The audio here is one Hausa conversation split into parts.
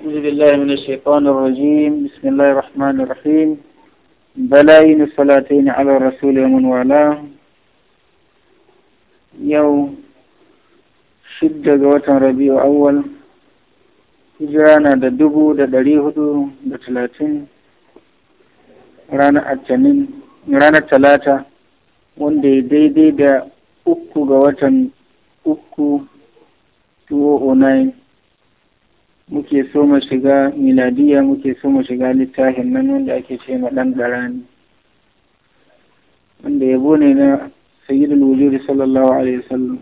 أعوذ بالله من الشيطان الرجيم بسم الله الرحمن الرحيم بلاين الصلاتين على الرسول ومن والاه يوم shidda ga watan rabi'u awwal hijira na da dubu da ɗari hudu da talatin ranar talata wanda ya daidai da uku ga watan uku 2009 muke so mu shiga miladiya muke so mu shiga littafin nan wanda ake ce ma ɗan ɗarani wanda yabo ne na sayyidul wujudi sallallahu alaihi wasallam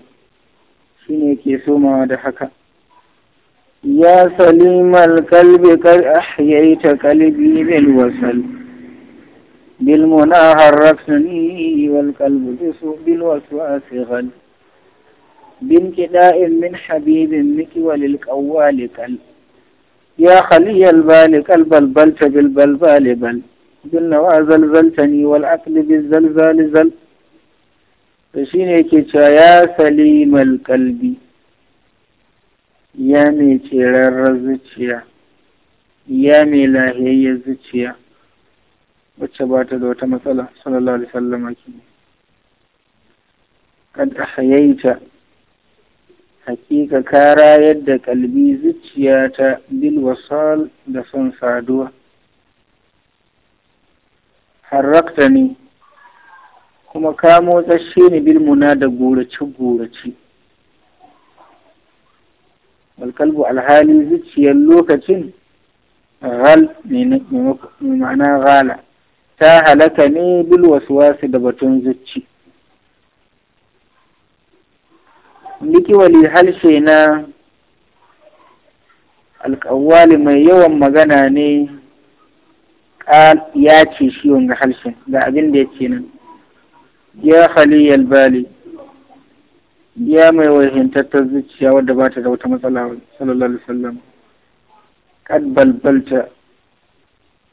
shine yake somawa da haka ya salimal kalbi kar ahyaita qalbi bil wasal bil munaharrasni wal qalbu bisu bil a ghal bin kida'in min habibin miki walil qawwali qalbi يا خلي البال قلب البلت بالبلبال بل قلنا وزلزلتني والعقل بالزلزال زل فشين يكي يا سليم القلب يا مي تيرر يا مي لاهي زكيا دوت مثلا صلى الله عليه وسلم قد alaihi Haƙiƙa ka rayar da kalbi zuciyata bil wasal da son saduwa harrakta ne kuma ka motsashe ni bil muna da gorace-gorace balkalbu alhali zuciyar lokacin ghal ne ma'ana ghala ta halaka ne bil wasu da batun zuci likiwali halshe na alƙawali mai yawan magana ne ya ce shi wanga halshen ga abin da ya ce nan ya haliyar bali ya mai wahintattar zuciya wadda ba ta da wata matsala sallallahu alaihi wasallam kad balbalta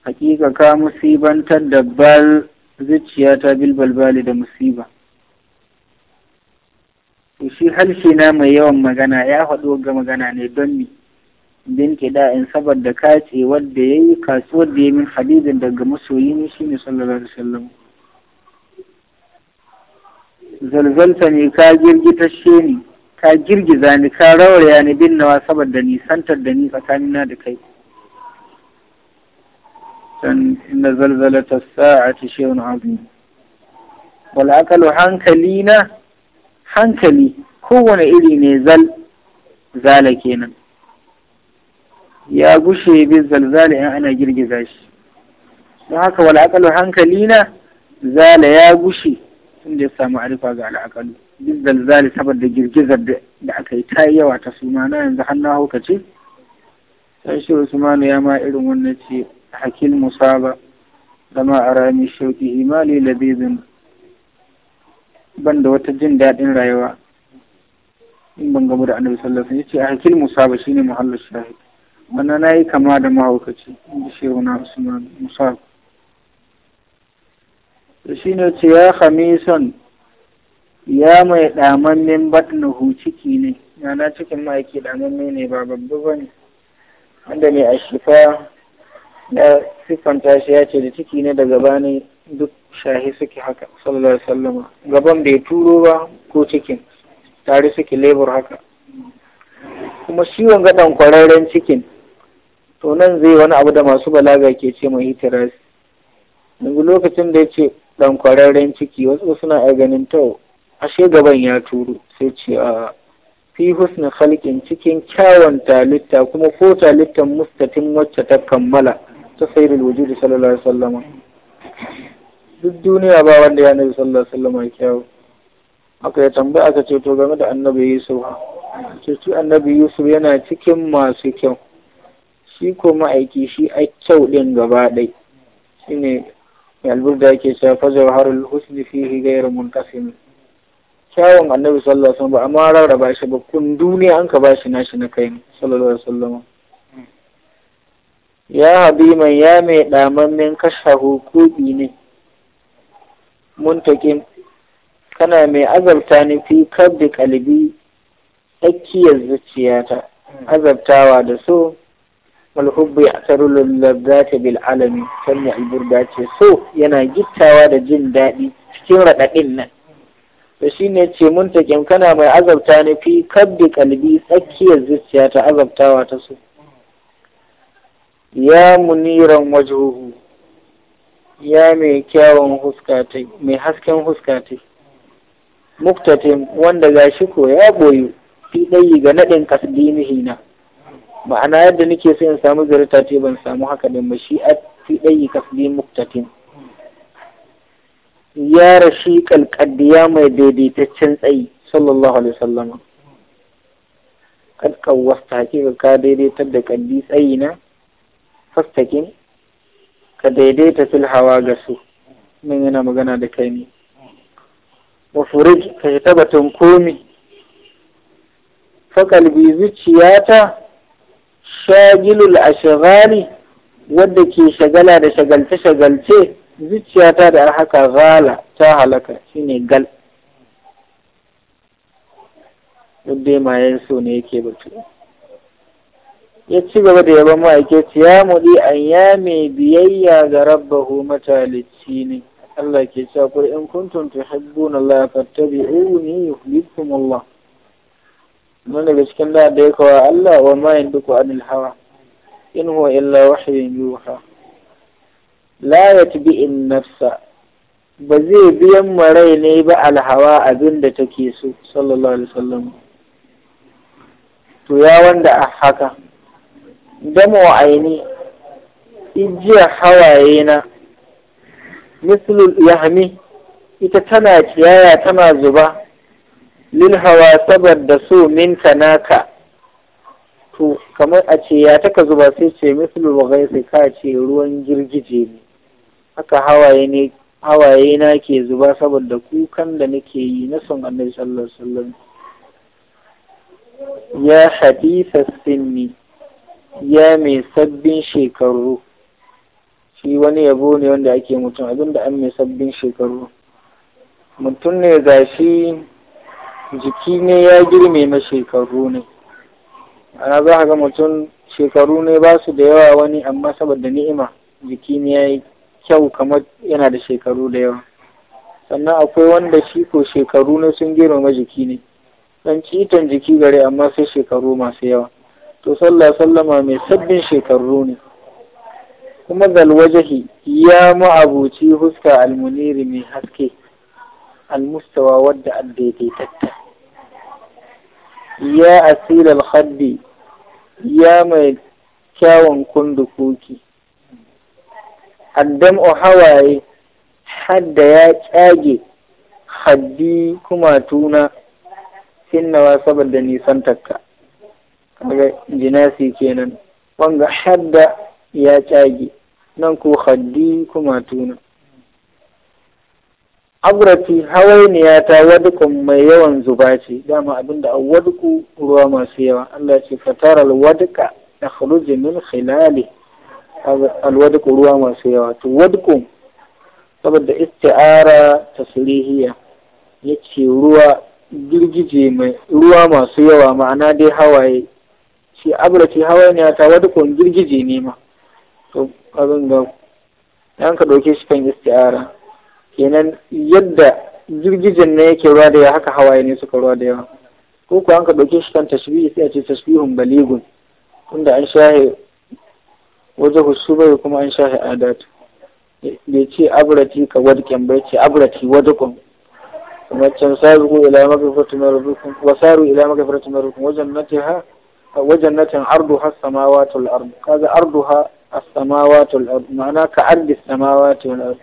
hakika ka musibantar da bal zuciya ta bil balbali da musiba to shi harshe na mai yawan magana ya faɗo ga magana ne don mi bin in saboda kace wadda ya yi kasuwar da ya min hadidin daga ne shi ne sallallahu alaihi wasallam zalzalta ne ka shi ni ka girgiza ni ka rawaya ni bin nawa saboda nisantar da ni tsakanina da kai san inda zalzalata sa'ati shay'un azim wal aqalu hankalina hankali kowane iri ne zal zala kenan ya gushe bi zalzala in ana girgiza shi don haka wal aqalu hankali na zala ya gushe tunda ya samu arifa ga al aqalu bi zalzali saboda girgizar da aka yi ta yawa ta suma na yanzu hannu na ce sai shi usmanu ya ma irin wannan ce hakil musaba zama arami shauki imali labibin ban da wata jin daɗin rayuwa in ban gamu da annabi sallallahu alaihi wasallam yace ahkil musaba shine muhallu shahid wannan nayi kama da mahaukaci in inda shehu na usman musab shi ne ce ya khamisan ya mai ɗamammen batnuhu ciki ne yana cikin ma'aiki ɗamamme ne ba babba wanda ne a shifa ya siffanta shi ya ce da ciki ne daga bani duk shahi suke haka sallallahu alaihi sallama gaban bai turo ba ko cikin tare suke lebur haka kuma shi gadan kwararren cikin to nan zai wani abu da masu balaga ke ce mai hitirasi yanzu lokacin da ya ce dan kwararren ciki wasu suna a ganin tau ashe gaban ya turo sai ce a fi husna halkin cikin kyawun talitta kuma ko talittan mustatin wacce ta kammala ta sayyidul wujudi sallallahu alaihi duk duniya ba wanda ya nabi sallallahu alaihi wasallam kyau. aka ya tambaya aka ce to game da annabi yusuf ce shi annabi yusuf yana cikin masu kyau shi ko ma'aiki shi a kyau din gaba ɗai ne albur da yake cewa fa jawharul husni fihi ghayr muntasim kyawun annabi sallallahu alaihi wasallam ba amma rarraba shi ba kun duniya an ka bashi nashi na kai sallallahu alaihi wasallam hmm. ya man ya mai min kashahu kuɗi ne Muntakin, kana mai azabta ni fi kabbi kalbi tsakiyar zuciyata hmm. azabtawa da so malhubbi ya tarulul ladzati bil alami sanya alburda ce so yana gittawa da jin daɗi cikin raɗaɗin nan to shine ce muntakin, kana mai azabta ni fi kabbi kalbi tsakiyar zuciyata azabtawa ta so ya muniran wajuhu ya mai kyawun huskatai mai hasken huskatai muktatin wanda gashi ko ya boyu fi ɗayi ga naɗin kasdimihi na ma'ana yadda nake so in samu zarata ce ban samu haka din ba shi a fi ɗayi kasdin muktatin ya rashi kalkaddiya mai daidaitaccen tsayi sallallahu alaihi wasallam kad kawwasta ka daidaitar da kaddi tsayi na fastakin ka daidaita fil hawa ga su nan yana magana da kai ne wa furuj ka shi tabbatun komi fakalbi zuciyata shagilul ashghali wadda ke shagala da shagalce-shagalce zuciyata da haka zala ta halaka shine gal duk dai mayan so ne yake batu ya ci gaba da yaban ma'aikaci ya muli an ya mai biyayya ga rabbahu matalici ne Allah ke cewa kuri in kuntum tuhibbuna Allah fattabi'uni yuhibbukum Allah mun daga cikin da da yake wa Allah wa ma yanduku anil hawa in huwa illa wahyun yuha la in nafsa ba zai biyan marai ne ba alhawa abin da take so sallallahu alaihi wasallam to ya wanda a haka damo aini ijiyar hawaye na mislul yahmi ita tana kiyaya tana zuba lil hawa saboda su min naka to kamar a ce ya taka zuba sai ce mislul ghaisi ka ce ruwan girgije ne haka hawaye ne hawaye na ke zuba saboda kukan da nake yi na son annabi sallallahu alaihi wasallam ya hadisa sinni ya mai sabbin shekaru shi wani yabo ne wanda ake mutum abinda an mai sabbin shekaru mutum ne ga shi jiki ne ya girme ma shekaru ne ana za ga mutum shekaru ne ba su da yawa wani amma saboda ni'ima jiki ne ya yi kyau kamar yana da shekaru da yawa sannan akwai wanda shi ko shekaru ne sun girma jiki ne dan citon jiki gare amma sai shekaru masu yawa to sallah sallama mai sabbin shekaru ne kuma zalwajahi ya ma'abuci huska almuniri mai haske almustawa wadda an ya asir alhaddi ya mai kyawun kundukoki o hawaye hadda ya kyage haddi kuma tuna sinnawa saboda nisan takka kaga jinasi kenan wanga hadda ya cage nan ko haddi kuma tuna abrati hawainiya ta wadukun mai yawan zuba ce dama abinda a waduku ruwa masu yawa Allah ce fatar alwaduka da kharuji min khilali alwaduku ruwa masu yawa to wadukun saboda isti'ara taslihiya yace ruwa girgije mai ruwa masu yawa ma'ana dai hawaye ce abrace hawainiya ta wata kun girgije ne ma to abin ga an ka ɗauke shi kan isti'ara kenan yadda girgijen na yake ruwa da yawa haka hawaye ne suka ruwa da yawa ko ku an ka ɗauke shi kan tashbihi sai a ce tashbihun baligun tunda an shahe waje husubai kuma an shahe adat bai ce abrati ka wadken bai ce abrati wadkun kuma can saru ila magrifatin rabbikum wa saru ila magrifatin rabbikum wajen natiha wajannatin arduha as-samawati wal ard kaga arduha as-samawati wal ard ma'ana ka ardi as-samawati wal ard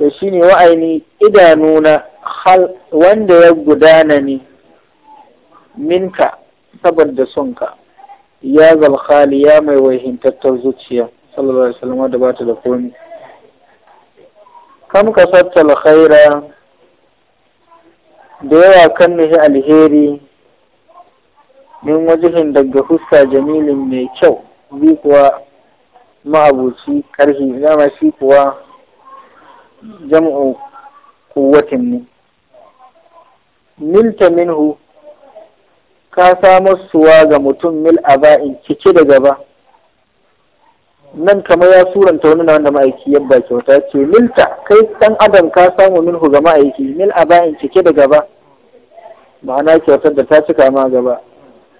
to shine wa'aini idanuna hal wanda ya gudana ni minka saboda sonka ya zal khali ya mai wahintattar zuciya sallallahu alaihi wasallam da bata da komi kam ka sattal khaira da yawa kan nihi alheri min wajihin daga huska jamilin mai kyau bi kuwa ma'abuci karhi ma shi kuwa jam'u kuwatin ne milta minhu ka samo suwa ga mutum mil aba'in cike da gaba nan kamar ya suranta wani wanda ma'aiki yadda kyauta ce milta kai dan adam ka samu minhu ga ma'aiki mil aba'in cike da gaba ma'ana kyautar da ta cika ma gaba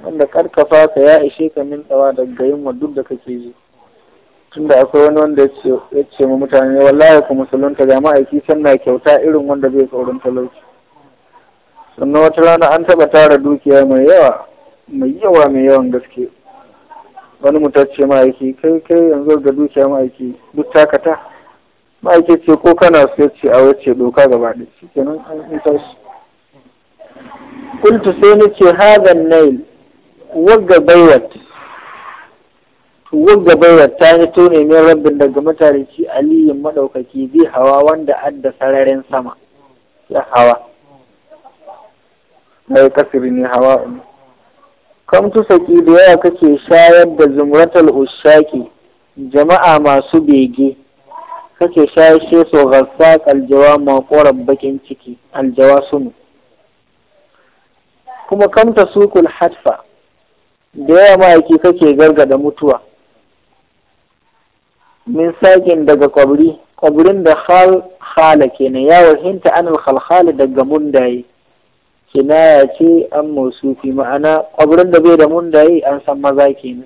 wanda karkafa ka ya ishe ka min tsawa daga yin duk da kake ji tunda akwai wani wanda ya ce mu mutane wallahi ku musulunta ga ma'aiki sannan kyauta irin wanda zai saurin talauci sannan wata rana an taba tara dukiya mai yawa mai yawa mai yawan gaske wani mutacce ma'aiki kai kai yanzu ga dukiya ma'aiki duk takata ma'aiki ce ko kana su ce a wace doka gaba da shi kenan an tashi kultu sai nace hagan nail wagga baiwat wagga bayyat ta hito ne rabin rabbin daga matarici aliyin maɗaukaki zai hawa wanda adda sararin sama ya hawa mai kasiri ne hawa kam saki da yawa kake shayar da zumratal ushaki jama'a masu bege kake shayar she so ƙaljawa aljawa makoran bakin ciki aljawa sunu kuma kamta sukul hatfa da yawa ma'aiki kake gargada mutuwa min sakin daga kwabri kwabrin da hala kenan ya wahinta an alhalhali daga mundaye kinaya ce an masufi ma'ana kwabrin da bai da mundaye an san maza kenan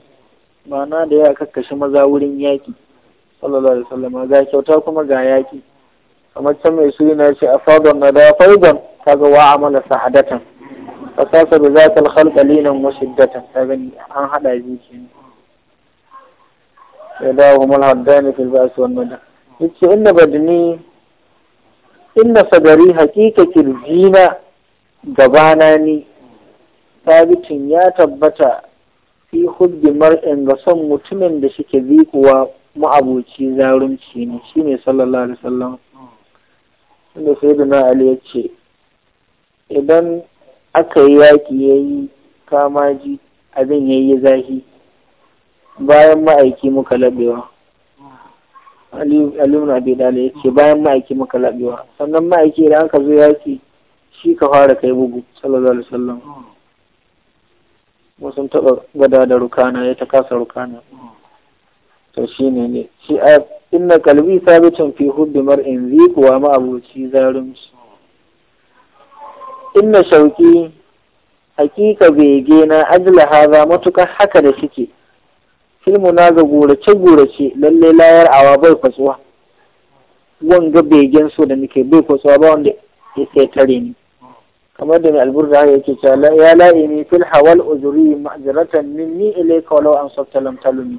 ma'ana da ya kakkashi maza wurin yaki sallallahu alaihi wasallam ga kyauta kuma ga yaki kamar can mai suna ce a fadon na da faidan kaga wa amala sahadatan fasasa da za ta halka nan wasu data ta gani an haɗa biyu ne ya dawo kuma haddani fil ba su wannan da yace inna badni inna sadari hakika kirjina gabana ni sabitin ya tabbata fi hubbi mar'in ga son mutumin da shike zikuwa ma'abuci zarunci ne shine sallallahu alaihi wasallam inda sayyidina ali yace idan aka yi yaƙi ya yi kamaji abin ya yi zahi bayan ma'aiki muka laɓewa aliyu na bai ya ce bayan ma'aiki muka laɓewa sannan ma'aiki da aka zo yaƙi shi ka fara kai bugu sallallahu alaihi wasallam sun taɓa gada da rukana ya ta kasa rukana to shi ne ne shi a inna kalbi sabitin fi hubbi mar'in zikuwa ma'aboci zarumci inna shauki hakika bege na ajila haza matukar haka da suke filmu na ga gurace gurace lalle layar awa bai kwatsuwa wanga begen so da nake bai kwatsuwa ba wanda ya sai tare ni kamar da mai alburda haka yake cewa ya ni, fil hawal uzuri ma'ziratan minni ilayka walau an sabta lam talumi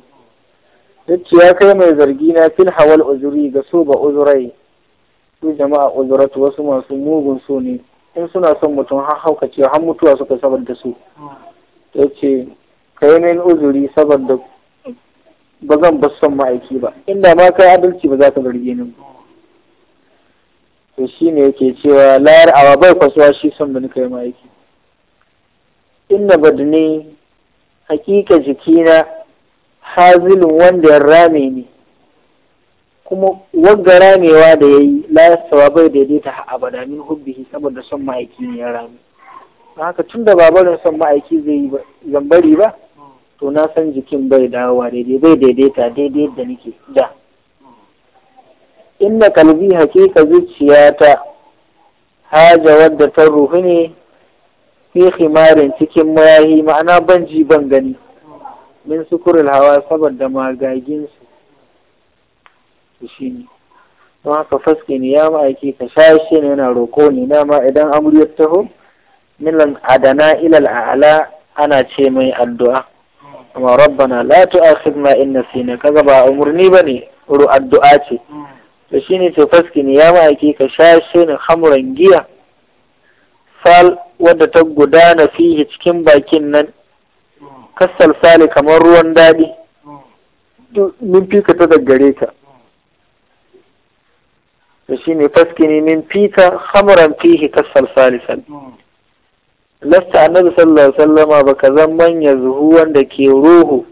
Dukki ya kai mai zargi na fil hawal uzuri ga so ba uzurai su jama'a uzuratu wasu masu mugun so ne in suna son mutum har haukacewa har mutuwa suka da su ya ce ka yi min uzuri saboda ba zan ba son ma'aiki ba inda ma kai adalci ba za ka zarge ni to shi ne yake cewa layar awa bai kwasuwa shi son da kai ma'aiki inna badni hakika jikina hazilin wanda ya rame ne kuma wagga ramewa da ya yi la cewa bai daidaita ha abada min hubbihi saboda son ma'aiki ne ya rami haka tun da babarin son ma'aiki zai yi zambari ba to na san jikin bai dawowa daidai bai daidaita daidai da nake da inda kalbi hakika ta haja wadda ta ruhu ne fi khimarin cikin mayahi ma'ana ban ji ban gani min sukurul hawa saboda magaginsu su shi ne don haka faske ne ya ma'aiki ka shashe ne yana roƙo ne ma idan amuriyar taho milan adana ilal a'ala ana ce mai addu'a amma rabbana la tu'akhidna in nasina kaga ba umurni bane ru addu'a ce to shine to faske ne ya ma'aiki ka shashe ne hamuran giya sal wadda ta gudana fihi cikin bakin nan kasal sali kamar ruwan daɗi min ka ta daggare ka to shine faskini min fita khamran fihi kasal salisan lasta annabi sallallahu alaihi wasallama baka zan manya zuhu wanda ke ruhu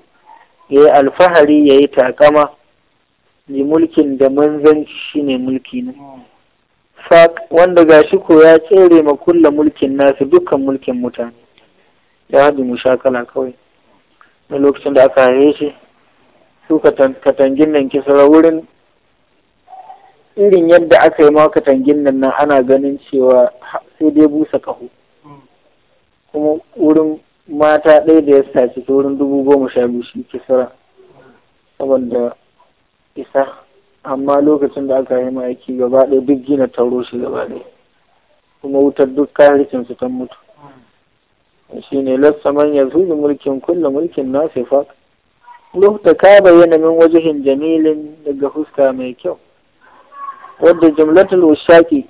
yayi alfahari yayi takama ni mulkin da manzanci ne mulki ne Fak wanda gashi ko ya tsere ma kulla mulkin nasu dukkan mulkin mutane ya hadu mushakala kawai na lokacin da aka haye shi su tangin nan kisa wurin irin yadda aka yi makatan tangin nan ana ganin cewa sai dai busa kahu. kuma wurin mata ɗaya da ya sace ta wurin dubu goma sha biyu shi ke sara saboda isa amma lokacin da aka yi aiki gaba ɗaya duk gina tauro shi gaba ɗaya kuma wutar duk kayarikin su ta mutu shi ne lassa manya zuzu mulkin kulle mulkin nasifa lokta ka bayyana min wajihin jamilin daga fuska mai kyau wadda jimlatul ushaqi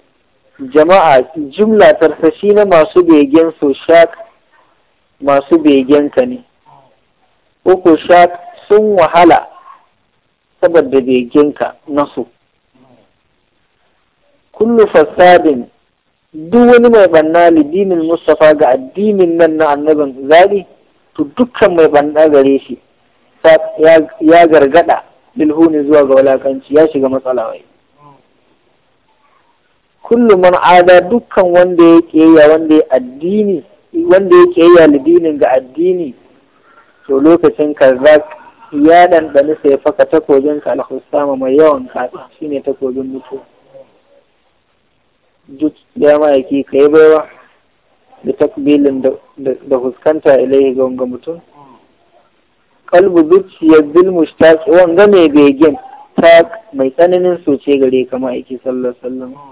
jama'a jimla tarfashi na masu begen su Shak masu begen ka ne uku Shak sun wahala saboda begen ka nasu kullu fasadin duk wani mai banna lidinin mustafa ga addinin nan na annabin zali to dukkan mai banna gare shi ya gargada lilhuni zuwa ga walakanci ya shiga matsala kullum man ada dukkan wanda ya kiyayya wanda ya addini wanda ya kiyayya lidinin ga addini to lokacin kazzak ya ɗanɗani sai faka takobin ka alhusama mai yawan kasa shine takobin mutu duk ya ma'aiki ka yi baiwa da takbilin da fuskanta ilai ga wanga mutum kalbu zuciyar bilmush ta wanga mai begen ta mai tsananin soce gare ka ma'aiki sallallahu alaihi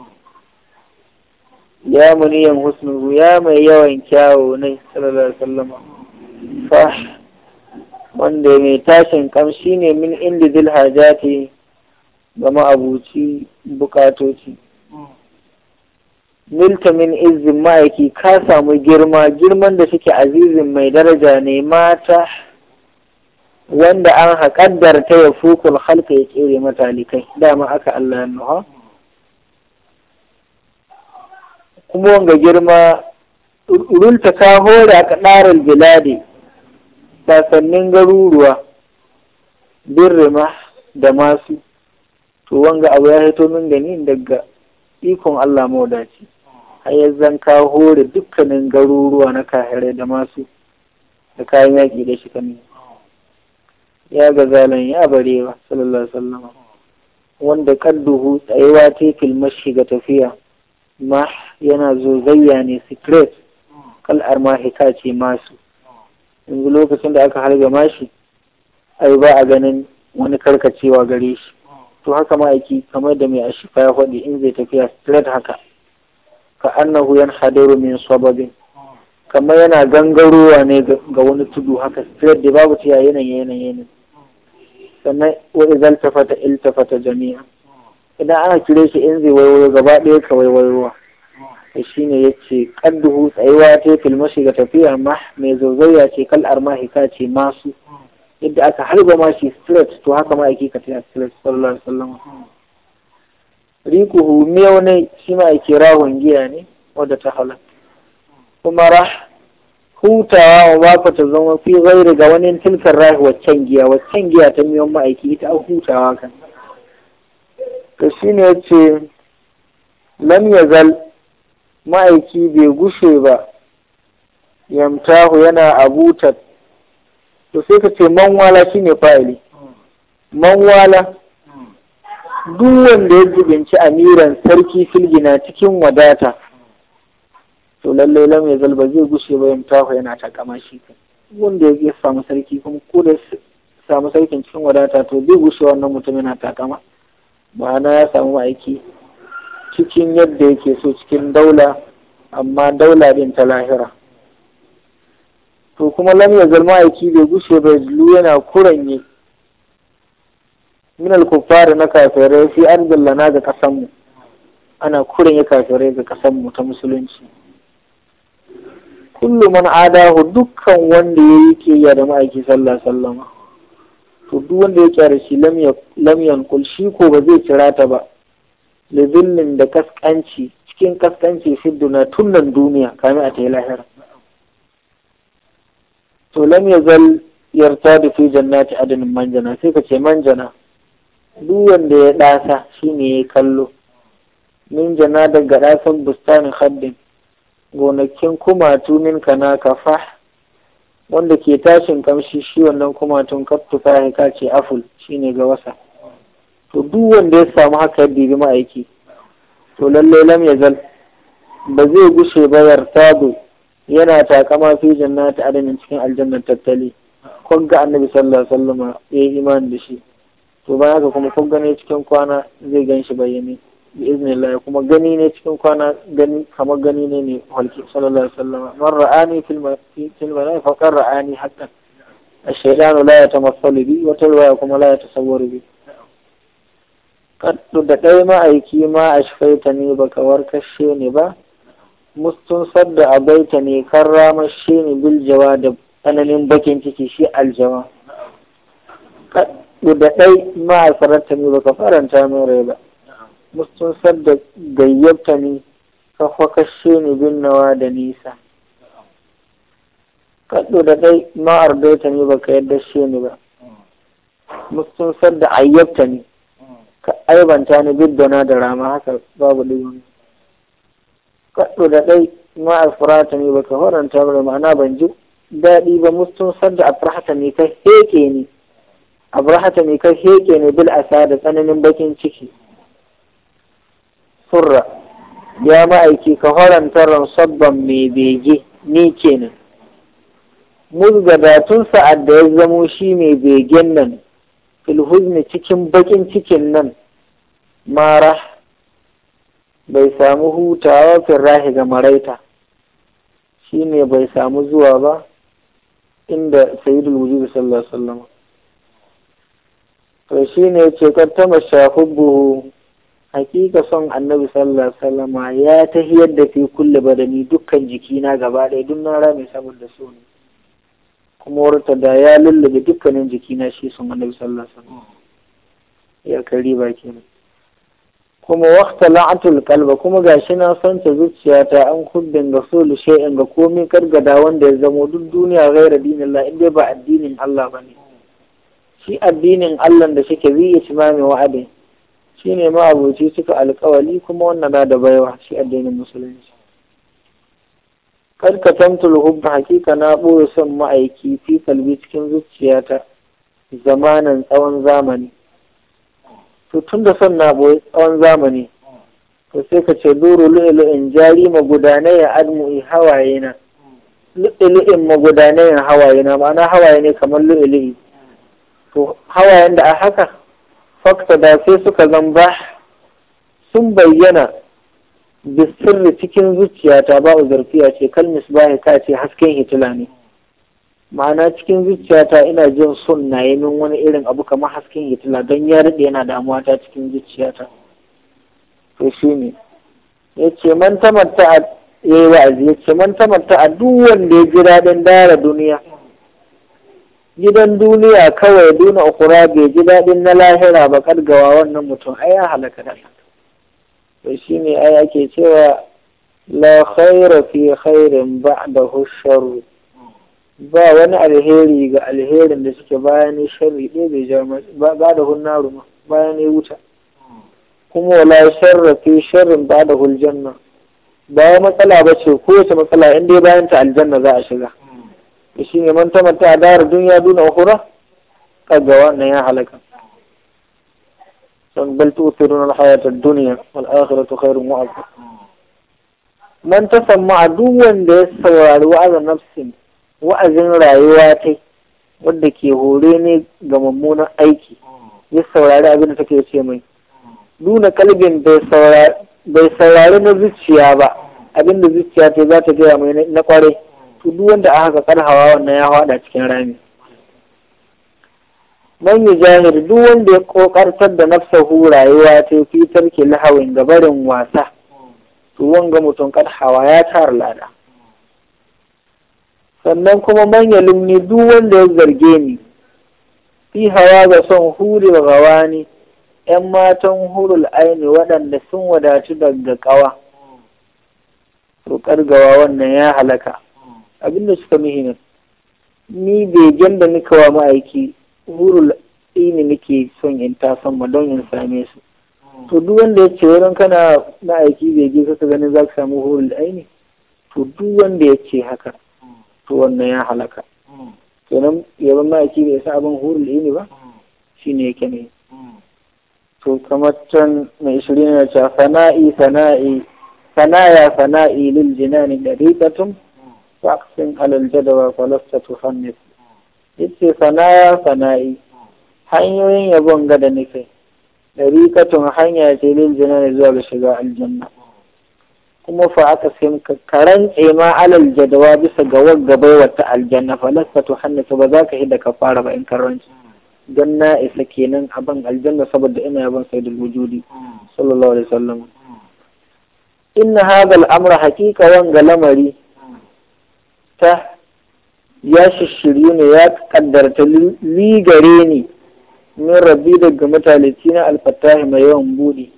ya muniyan husnuhu ya mai yawan kyawo ne sallallahu alaihi fa wanda mai tashin kamshi ne min inda zil hajati ga ma'abuci bukatoci milta min izin ma'aiki ka samu girma girman da suke azizin mai daraja ne mata wanda an haƙaddar ta ya fukul halka ya ƙere matalikai dama aka Allah nuha kuma wanga girma rulta ka hore a kadarar biladi sasannin garuruwa birrima da masu to wanga abu ya haito min gani daga ikon Allah mawadaci hayar zan zanka hore dukkanin garuruwa na kahirai da masu da kayan yaƙi da shi kanu ya ga zalan ya barewa sallallahu alaihi wanda kadduhu tsayewa tekil mashi ga tafiya ma yana zozayya ne secret ma armahika ce masu yanzu lokacin da aka harbe mashi ai ba a ganin wani karkacewa gare shi to haka ma'aiki kamar da mai ashifa ya faɗi in zai tafiya straight haka ka annahu yan hadaru min sababin kamar yana gangarowa ne ga wani tudu haka straight da babu ta yanayin yanayin sannan wa izal tafata il tafata jami'a idan ana cire shi in zai waiwayo gaba ɗaya ka waiwayowa to ya ce ƙadduhu tsayuwa ta yi mashi ga tafiyar ma mai zauzaya ce kal armahi ka ce masu yadda aka harba ma shi straight to haka ma ake ka tafiya straight sallallahu alaihi wasallam rikuhu miyau ne shi ma ake rahon giya ne wadda ta hala kuma ra hutawa wa baka ta zama fi zai daga wani tilkar rahi waccan giya waccan giya ta miyan ma'aiki ita a hutawa kan to ne ya ce lam yazal ma'aiki bai gushe ba yamtahu yana abutar to sai ka ce manwala shine fa'ili manwala duk wanda ya jibinci amiran sarki filgina cikin wadata to lallai lam yazal ba zai gushe ba yamtahu yana takama shi wanda ya samu sarki kuma ko da samu sarkin cikin wadata to zai gushe wannan mutum yana takama ma'ana ya samu aiki cikin yadda yake so cikin daula amma daula din ta lahira to kuma lam zalma aiki bai gushe ba yana kuranye min al-kuffar na kafirai fi ardillana ga kasan mu ana kuranye kafirai ga kasan ta musulunci kullu man adahu dukkan wanda yake ya da ma'aiki sallallahu alaihi duk wanda ya kyara shi lamyan yankul ko ba zai kira ta ba lizillin da kaskanci cikin kaskanci fi duna tunnan duniya kamin a ta yi lahira to lam yazal yarta da fi jannati adinin manjana sai ka ce manjana duk wanda ya ɗasa shine ya kallo min jana daga ɗasan bustanin haddin gonakin kuma tunin kana kafa wanda ke tashin kamshi shi wannan kuma tun kaftu ya kace aful shine ga wasa to duk wanda ya samu haka yadda ya ma'aiki to lallai lam ya zal ba zai gushe ba yartado yana takama fi jannati adamin cikin aljannar tattali kun ga annabi sallallahu alaihi wasallam ya yi imani da shi to bayan haka kuma kun gane cikin kwana zai gan shi bayyane bi'iznillah kuma gani ne cikin kwana gani kamar gani ne ne walki sallallahu alaihi wasallam man ra'ani fil manami faqad ra'ani haqqan ash-shaytanu la yatamassalu bi wa tarwaya kuma la yatasawwaru bi kaddu da ɗaya ma'aiki ma a shafaita ne ba ka warkashe ne ba mustun sadda a baita ne kan ramashe ne biljawa da tsananin bakin ciki shi aljawa kaddu da a faranta ne ba ka faranta min rai ba sun sadda gayyabta ne kafa kashe ni binnawa da nisa kaɗo da ɗai ma ardota ne ka yadda shi ni ba sun sadda ayyabta ne ka aibanta ni biddana da rama haka babu ɗin kaɗo da ɗai ma alfurata ne ka faranta ba ma'ana ban ji daɗi ba mustun sadda a farhata ne ka heke ni a ne ka heke ne bil asa da tsananin bakin ciki furra ya ma'aiki ka horanta ransabban mai bege ni kenan da tun sa'ad da ya zamo shi mai begen nan filhuzni cikin bakin cikin nan mara bai samu hutawa firrahi ga maraita shi ne bai samu zuwa ba inda sayidul wujudu sallallahu alaihi wasallam to shi ne ce kattama shafi buhu hakika son annabi sallallahu wasallam ya hiyar da fi kulle badani dukkan jikina gaba ɗaya duk na rame saboda so ne kuma warta da ya lullube dukkanin jikina shi sun annabi sallallahu wasallam ya kari ba kenan kuma waqta la'atul qalba kuma gashi na son ta zuciyata an kubbin ga sulu shay'in ga komai kargada wanda ya zamo duk duniya gaira dinillah in dai ba addinin Allah bane shi addinin Allah da shike zai yi timami wa'adin Shi ma abuci suka alkawali kuma wannan na da baiwa shi addinin musulunci karka tantul hubba hakika na ɓoye son ma'aiki fi kalbi cikin zuciyata zamanin tsawon zamani to tun da son na ɓoye tsawon zamani to sai ka ce duru lu'ilu'in jari magudanai ya admu'i hawaye na lu'ilu'in magudanai hawaye na ma'ana hawaye ne kamar lu'ilu'i to hawayen da a haka da sai suka zamba sun bayyana da sirri cikin zuciyata ba zarfiya ce kalmis misbahi ta ce hasken hitila ne ma'ana cikin zuciyata ina jin son na yi min wani irin abu kamar hasken hitila don ya daɗe yana damuwa ta cikin zuciyata to shi ne ya ce man tamarta a yi wa'azi ya ce man a duk wanda ya ji daɗin dara duniya gidan duniya kawai duna ukura bai ji daɗin na lahira ba kadgawa wannan mutum ai ya halaka da to shi ne ai ake cewa la khaira fi khairin ba'dahu sharru ba wani alheri ga alherin da suke bayan sharri ɗaya bai ja ba da hunna ruma bayan ya wuta kuma wala sharra fi sharrin ba da huljanna ba matsala ba ce kowace matsala in dai bayan ta aljanna za a shiga to shi ne man mata a dawar duniya duna ukura kaga wannan ya halaka san bal tu'thiruna al-hayata ad-dunya wal akhiratu khairun wa abqa man tasamma duk wanda ya saurari wa'azin nafsin wa'azin rayuwa ta wadda ke hore ne ga mummunan aiki ya saurari abin da take ce mai duna kalbin bai saurari na zuciya ba abin da zuciya ta za ta gaya mai na kwarai to duk wanda aka hawa wannan ya hada cikin rami man yujahir duk wanda ya kokartar da nafsahu rayuwa ta fi tarki lahawin gabarin wasa to wanga mutum hawa ya tara lada sannan kuma man yalumni duk wanda ya zarge ni fi hawa ga son huri wa gawani ‘yan matan hurul aini waɗanda sun wadatu daga ƙawa, to gawa wannan ya halaka. abinda suka mihimin ni begen da ni wa ma'aiki hurul ne nake son in tasan ma don in same su to duk wanda ya ce wurin kana ma'aiki bege ka gani za ka samu hurul aini to duk wanda ya ce haka to wannan ya halaka kenan yaban ma'aiki bai sa abin hurul aini ba shine yake ne to kamar can mai shirin ya ce sana'i sana'i sana'i sana'i lil jinani dariqatun وأقسم على الجدوى ولست تخنف yace sanaya sana'i hanyoyin yabon gada nake dariƙatun hanya ce lil jinani zuwa ga shiga aljanna kuma fa aka sai karan ma alal jadawa bisa ga wagga baiwa ta aljanna fa lasta ba za ka hida ka fara ba in karanci don na isa kenan abin aljanna saboda ina yaban sayyidul wujudi sallallahu alaihi wasallam inna hadha al-amra haqiqa wanga lamari ta ya shishiryu ne ya kaddarta ligare ni min rabbi daga mutalici na alfatahi mai yawan buɗi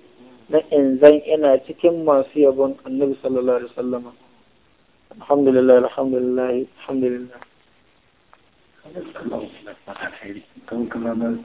na in zan ina cikin masu yabon annabi sallallahu alaihi wasallama alhamdulillah alhamdulillah alhamdulillah